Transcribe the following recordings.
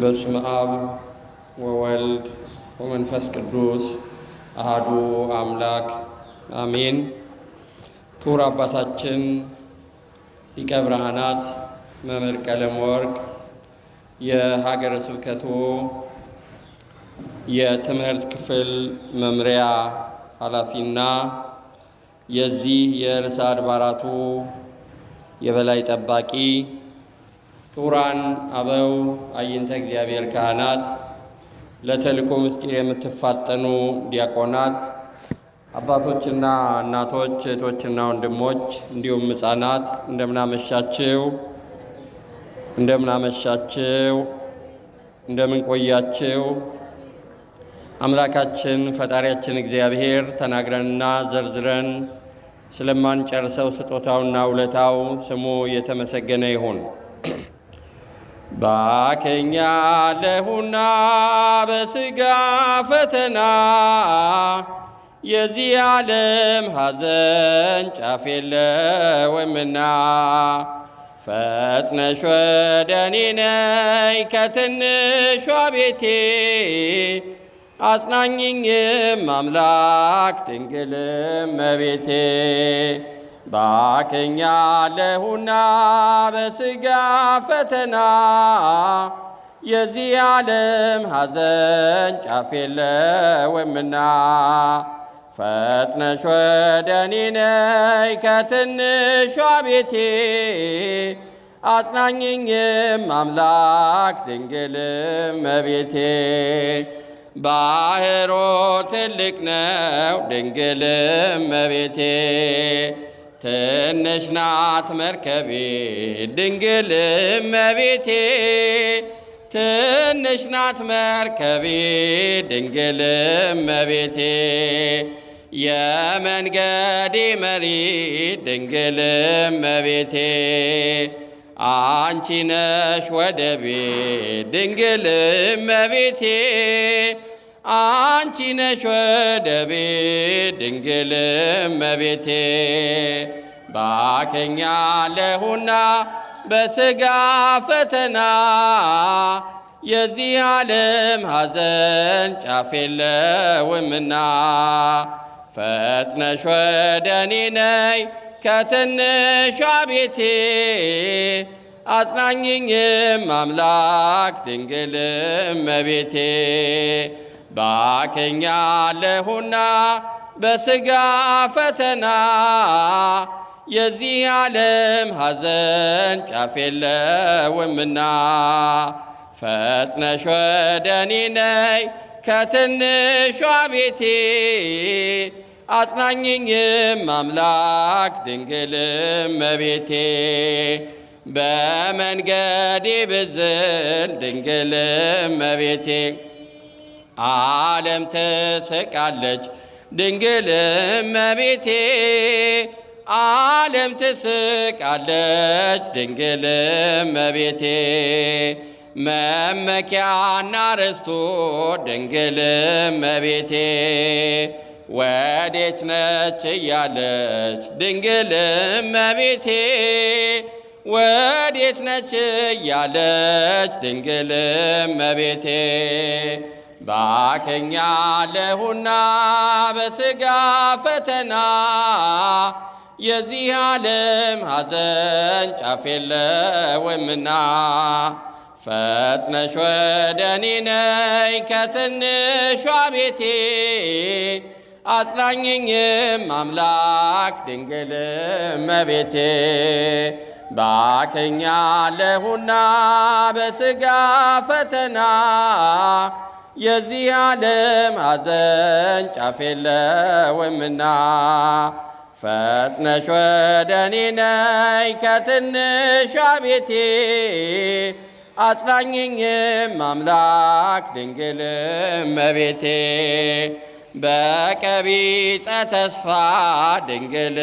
በስመ አብ ወወልድ ወመንፈስ ቅዱስ አህዱ አምላክ አሜን። ክቡር አባታችን ሊቀ ብርሃናት መምህር ቀለም ወርቅ የሀገረ ስብከቱ የትምህርት ክፍል መምሪያ ኃላፊና የዚህ የርዕሰ አድባራቱ የበላይ ጠባቂ ክቡራን አበው አይንተ እግዚአብሔር ካህናት፣ ለተልእኮ ምስጢር የምትፋጠኑ ዲያቆናት፣ አባቶችና እናቶች፣ እህቶችና ወንድሞች እንዲሁም ሕፃናት እንደምናመሻችው እንደምናመሻችው እንደምንቆያቸው አምላካችን ፈጣሪያችን እግዚአብሔር ተናግረንና ዘርዝረን ስለማንጨርሰው ስጦታውና ውለታው ስሙ የተመሰገነ ይሁን። ባከኛ ለሁና በስጋ ፈተና የዚህ ዓለም ሐዘን ጫፍ የለውምና ፈጥነሽ ወደ እኔ ነይ ከትንሿ ቤቴ አጽናኝኝም አምላክ ድንግልም መቤቴ ባከኛ ለሁና በስጋ ፈተና የዚህ ዓለም ሐዘን ጫፍ የለውምና ፈጥነሽ ወደ እኔ ነይ ከትንሿ ቤቴ አጽናኝኝም አምላክ ድንግልም መቤቴ ባህሮ ትልቅ ነው ድንግልም መቤቴ ትንሽ ናት መርከቤ ድንግል እመቤቴ ትንሽ ናት መርከቤ ድንግል እመቤቴ የመንገዴ መሪ ድንግል እመቤቴ አንቺ ነሽ ወደቤ ድንግል እመቤቴ አንቺ ነሽ ወደቤ ድንግል እመቤቴ ባከኛ ለሁና በስጋ ፈተና የዚህ ዓለም ሐዘን ጫፍ የለውምና ፈጥነሽ ወደ እኔ ነይ ከትንሿ ቤቴ አጽናኝኝም አምላክ ድንግል እመቤቴ ባከኛ ለሁና በስጋ ፈተና የዚህ ዓለም ሐዘን ጫፍ የለውምና ፈጥነሽ ወደ እኔ ነይ ከትንሿ ቤቴ አጽናኝኝም አምላክ ድንግልም መቤቴ በመንገዴ ብዝል ድንግልም መቤቴ ዓለም ትስቃለች ድንግልም መቤቴ ዓለም ትስቃለች ድንግልም መቤቴ መመኪያና ርስቱ ድንግልም መቤቴ ወዴት ነች እያለች ድንግልም መቤቴ ወዴት ነች እያለች ድንግልም መቤቴ ባከኛ ለሁና በስጋ ፈተና የዚህ ዓለም ሐዘን ጫፍ የለውምና ፈጥነሽ ወደ እኔ ነይ ከትንሿ ቤቴ አጽናኝኝም አምላክ ድንግል እመቤቴ ባከኛለሁና በሥጋ ፈተና የዚህ ዓለም ሐዘን ጫፍ የለውምና ፈጥነሽ ወደኔ ነይ ከትንሿ ቤቴ አጽናኝኝም አምላክ ድንግል እመቤቴ በቀቢጸ ተስፋ ድንግል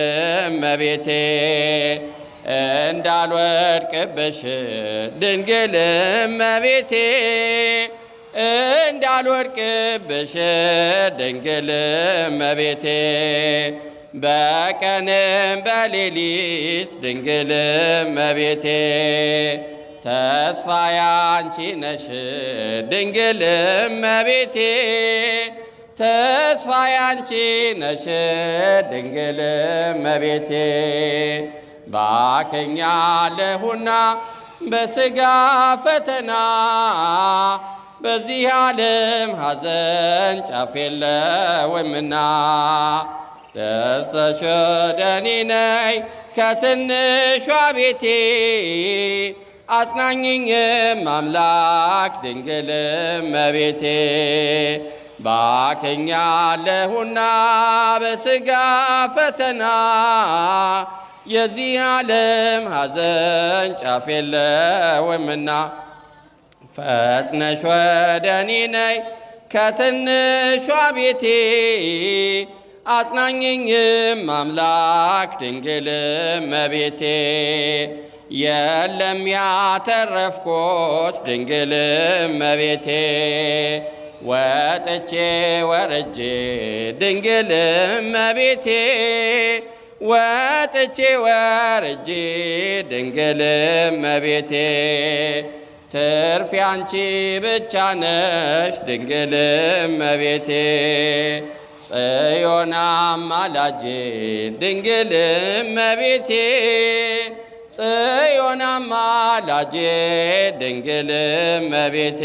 እመቤቴ እንዳልወድቅብሽ ድንግል እመቤቴ እንዳልወድቅብሽ ድንግል እመቤቴ በቀንም በሌሊት ድንግልም መቤቴ ተስፋ ያንቺ ነሽ ድንግልም መቤቴ ተስፋ ያንቺ ነሽ ድንግልም መቤቴ ባከኛ በስጋ ፈተና በዚህ ዓለም ሐዘን ጫፍ የለውምና ተስተሸደኒ ነይ ከትንሿ ቤቴ አጽናኝኝም አምላክ ድንግል መቤቴ ባከኛለሁና በስጋ ፈተና የዚህ ዓለም ሐዘን ጫፍ የለውምና ፈጥነሽ ወደኔ ነይ ከትንሿ ቤቴ አጽናኘኝም አምላክ ድንግል መቤቴ የለም ያተረፍኮት ድንግል መቤቴ ወጥቼ ወርጄ ድንግል መቤቴ ወጥቼ ወርጄ ድንግል መቤቴ ትርፍ ያንቺ ብቻ ነሽ ድንግልም መቤቴ ጽዮን አማላጄ ድንግል እመቤቴ ጽዮን አማላጄ ድንግል እመቤቴ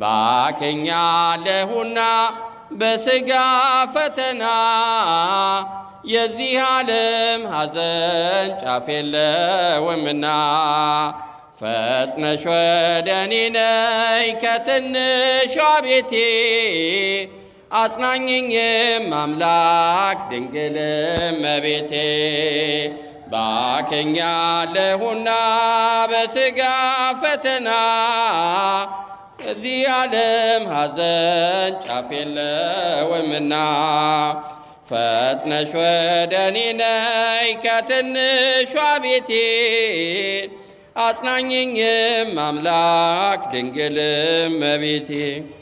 ባከኛለሁና በስጋ ፈተና የዚህ ዓለም ሐዘን ጫፍ የለውምና ፈጥነሽ ወደ እኔ ነይ ከትንሿ ቤቴ አጽናኘኝም አምላክ ድንግል መቤቴ ባከኛለሁና በስጋ ፈተና እዚህ ዓለም ሐዘን ጫፍ የለውምና ፈጥነሽ ወደ እኔ ነይ ከትንሿ ቤቴ አጽናኘኝም አምላክ ድንግል መቤቴ